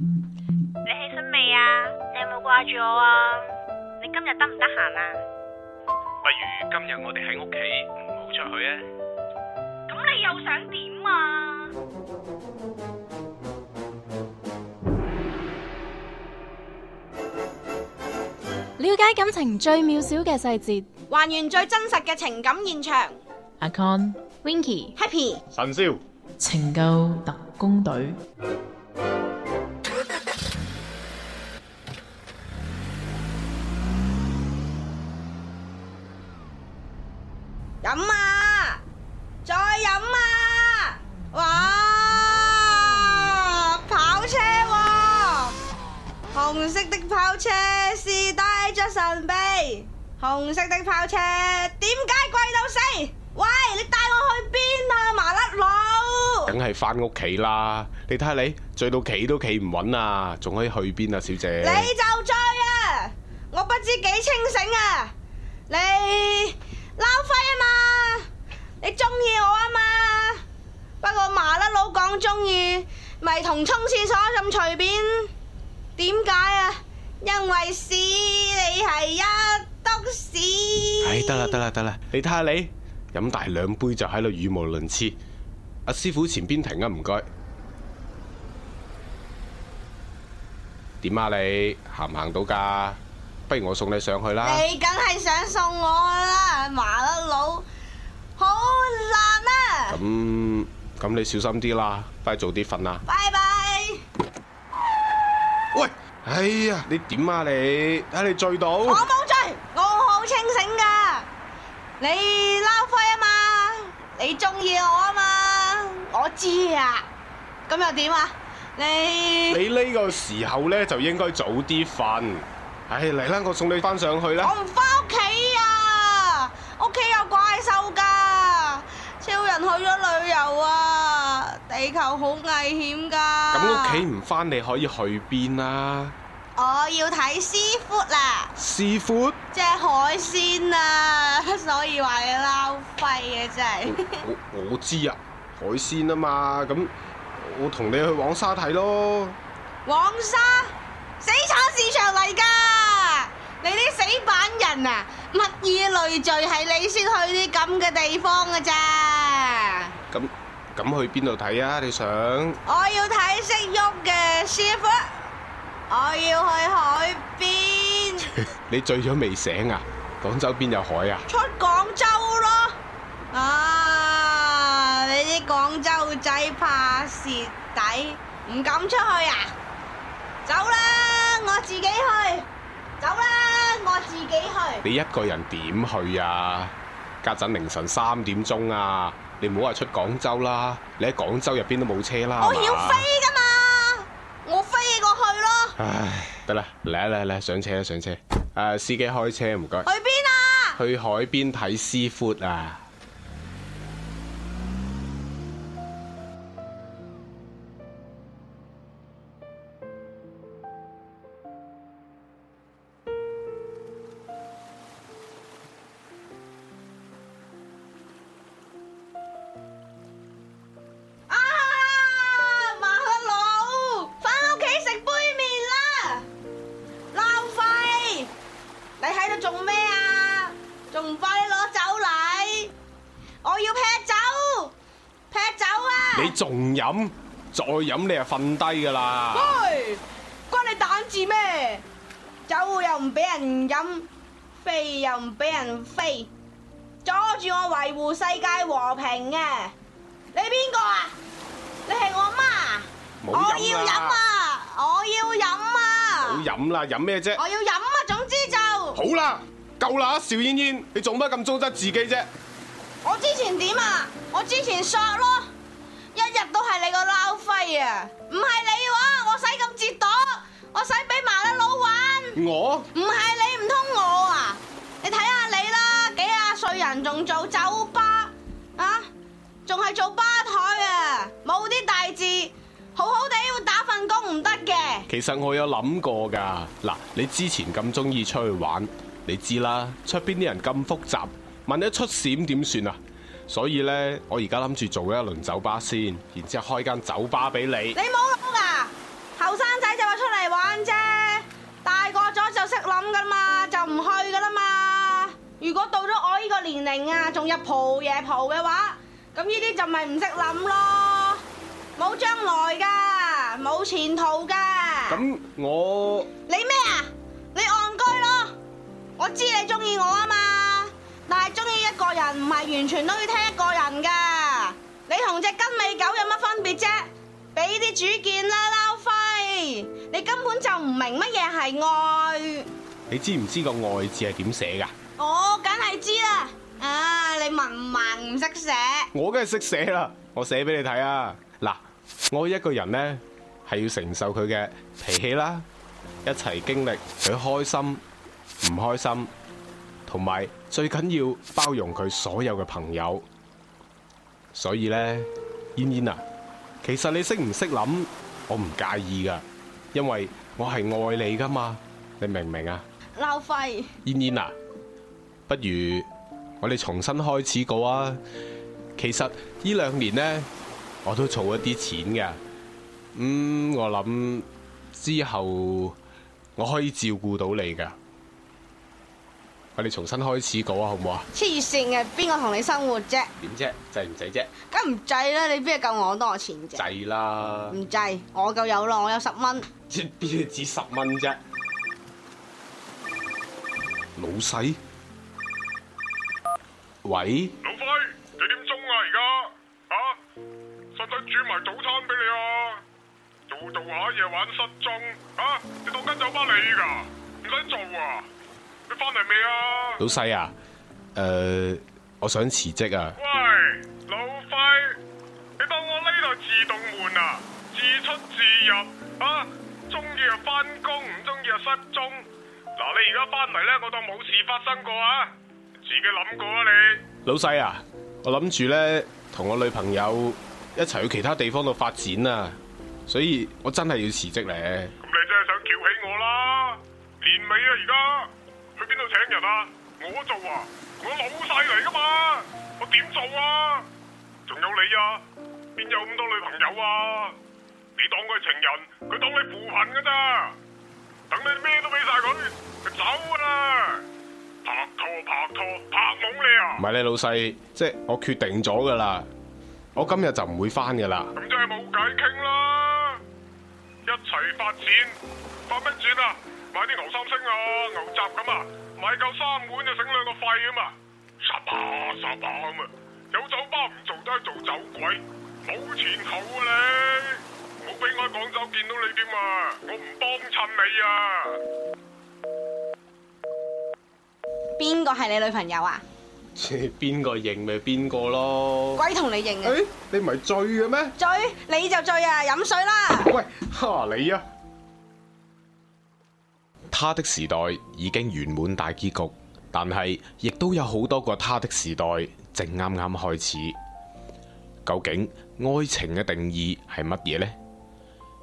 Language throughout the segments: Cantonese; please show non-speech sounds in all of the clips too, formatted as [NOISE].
你起身未啊？你有冇掛住我啊？你今日得唔得閒啊？不如今日我哋喺屋企，唔好出去啊！咁你又想點啊？了解感情最渺小嘅細節，還原最真實嘅情感現場。阿 Con、Winky、Happy、神霄，情救特工隊。飲啊，再飲啊！哇，跑車喎，啊，紅色的跑車，是帶着神秘。紅色的跑車，點解貴到死？喂，你帶我去邊啊，麻甩佬！梗係翻屋企啦，你睇下你醉到企都企唔穩啊，仲可以去邊啊，小姐？你就醉啊，我不知幾清醒啊，你。.撈飛啊嘛！你中意我啊嘛！不過麻甩佬講中意，咪同沖廁所咁隨便？點解啊？因為屎，你係一篤屎。唉、哎，得啦，得啦，得啦！你睇下你飲大兩杯就喺度語無倫次。阿師傅前邊停啊，唔該。點啊？你行唔行到㗎？不如我送你上去啦！你梗係想送我啦，麻甩佬，好難啊那！咁咁，你小心啲啦，快早啲瞓啦。拜拜。喂，哎呀，你點啊你？睇你醉到。我冇醉，我好清醒噶。你撈輝啊嘛，你中意我啊嘛，我知啊。咁又點啊？你你呢個時候咧就應該早啲瞓。唉，嚟啦！我送你翻上去啦。我唔翻屋企啊！屋企有怪獸噶，超人去咗旅遊啊，地球好危險噶。咁屋企唔翻，你可以去邊啊？我要睇師傅啦。師傅？即係海鮮啊！所以話你撈廢嘅真係。 [LAUGHS] 我知啊，海鮮啊嘛，咁我同你去黃沙睇咯。黃沙，死產市場嚟噶。你啲死板人啊，物以類聚，係你先去啲咁嘅地方㗎咋。咁咁去邊度睇啊？你想？我要睇識喐嘅師傅。我要去海邊。你醉咗未醒啊？廣州邊有海啊？出廣州咯。啊！你啲廣州仔怕蝕底，唔敢出去啊？走啦，我自己去。走啦。我自己去？你一個人點去啊？家陣凌晨三點鐘啊，你唔好話出廣州啦，你喺廣州入邊都冇車啦。我要飛噶嘛，我飛過去咯。唉，得啦，嚟啊，嚟嚟，上車啦上車。誒、啊，司機開車唔該。去邊啊？去海邊睇 seafood 啊！仲飲，再飲你啊瞓低噶啦！喂，關你膽子咩？酒又唔俾人飲，飛又唔俾人飛，阻住我維護世界和平嘅，你邊個啊？你係我媽？我要飲啊！我要飲啊！好飲啦！飲咩啫？我要飲啊！總之就好啦，夠啦，邵嫣嫣，你做乜咁糟質自己啫？我之前點啊？我之前索咯。都係你個撈飛啊！唔係你話我使咁折墮，我使俾麻甩佬玩。我唔係你唔通我啊？你睇下你啦，幾廿歲人仲做酒吧啊？仲係做吧台啊？冇啲大字，好好地要打份工唔得嘅。其實我有諗過噶，嗱，你之前咁中意出去玩，你知啦，出邊啲人咁複雜，萬一出閃點算啊？所以咧，我而家諗住做一輪酒吧先，然之後開間酒吧俾你，你沒。你冇諗噶，後生仔就話出嚟玩啫，大個咗就識諗噶嘛，就唔去噶啦嘛。如果到咗我呢個年齡啊，仲入蒲夜蒲嘅話，咁呢啲就咪唔識諗咯，冇將來噶，冇前途噶。咁我，你咩啊？你戇居咯，我知你中意我啊。個人唔係完全都要聽一個人噶，你同隻跟尾狗有乜分別啫？俾啲主見啦，撈輝，你根本就唔明乜嘢係愛。你知唔知個愛字係點寫噶？我梗係知啦，啊，你文盲唔識寫。我梗係識寫啦，我寫俾你睇啊。嗱，愛一個人呢係要承受佢嘅脾氣啦，一齊經歷佢開心唔開心。同埋最緊要包容佢所有嘅朋友，所以呢，燕燕啊，其實你識唔識諗，我唔介意噶，因為我係愛你噶嘛，你明唔明啊？鬧廢！燕燕啊，不如我哋重新開始過啊！其實呢兩年呢，我都儲一啲錢嘅，嗯，我諗之後我可以照顧到你噶。我哋重新開始講啊，好唔好啊？黐線嘅，邊個同你生活啫？點啫？制唔制啫？梗唔制啦！你邊度夠我多錢啫？制啦！唔制，我夠有咯，我有十蚊。即邊度止十蚊啫？老細，喂，老輝，幾點鐘啊？而家啊？使唔使煮埋早餐俾你啊？做做下、啊、嘢玩失蹤啊？你當間酒吧你噶？唔使做啊？你翻嚟未啊？老細啊，誒，我想辭職啊。喂，老輝、啊，你當我呢度自動門啊，自出自入啊，中意就翻工，唔中意就失蹤。嗱、啊，你而家翻嚟咧，我當冇事發生過啊。自己諗過啊，你。老細啊，我諗住咧同我女朋友一齊去其他地方度發展啊，所以我真係要辭職咧。咁你真係想挑起我啦？年尾啊，而家。去邊度請人啊？我做啊？我老細嚟噶嘛？我點做啊？仲有你啊？邊有咁多女朋友啊？你當佢情人，佢當你扶貧噶咋？等你咩都俾晒佢，佢走噶啦！拍拖拍拖拍懵你啊！唔係你老細，即係我決定咗噶啦，我今日就唔會翻噶啦。咁真係冇偈傾啦！一齊發展，發乜轉啊？買啲牛三星啊，牛雜咁啊，買夠三碗就省兩個肺啊嘛！殺吧殺吧咁啊！有酒吧唔做都係做酒鬼，冇前途啊你！唔好俾我喺廣州見到你點啊？我唔幫襯你啊！邊個係你女朋友啊？邊個認咪邊個咯？鬼同你認啊？你唔係醉嘅咩？醉你就醉啊！飲水啦！喂，吓你啊！他的時代已經圓滿大結局，但係亦都有好多個他的時代正啱啱開始。究竟愛情嘅定義係乜嘢呢？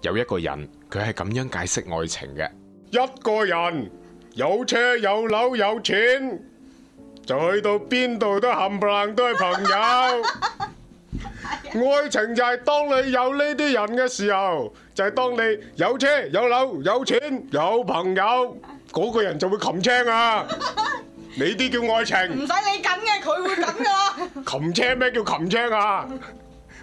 有一個人，佢係咁樣解釋愛情嘅：一個人有車有樓有錢，就去到邊度都冚唪唥都係朋友。愛情就係當你有呢啲人嘅時候。就係當你有車有樓有錢有朋友，嗰、那個人就會擒青啊！ [LAUGHS] 你啲叫愛情，唔使你緊嘅，佢會緊噶。擒青？咩叫擒青啊？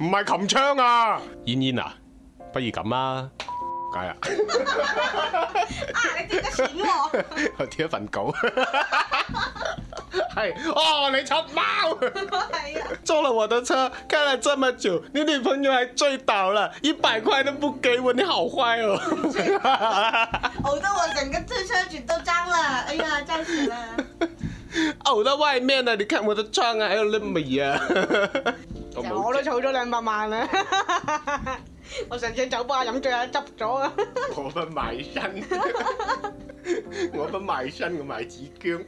唔係擒青啊！燕燕啊，不如咁啊。解啊？啊，你跌得錢喎，啊？ [LAUGHS] 我跌一份稿。 [LAUGHS] 哦，你臭貓！坐 [LAUGHS] 了我的車，開了這麼久，你女朋友還醉倒了，一百塊都不給我，你好壞哦！嘔 [LAUGHS] 得、 [LAUGHS] 哦、我整個推車紙都髒了，哎呀，髒死了！嘔、哦、到外面了，你看我的窗啊，還有綠眉啊！ [LAUGHS] 我都儲咗兩百萬啦， [LAUGHS] 我上次酒吧飲醉啊，執咗啊！ [LAUGHS] 我不賣身， [LAUGHS] 身，我不賣身，我賣紙姜。.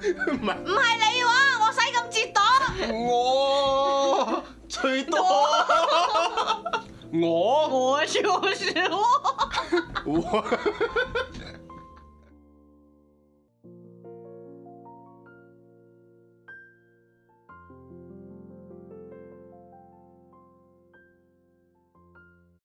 唔係，唔係不你喎，我使咁折墮，我最多，哇我我笑唔笑？我。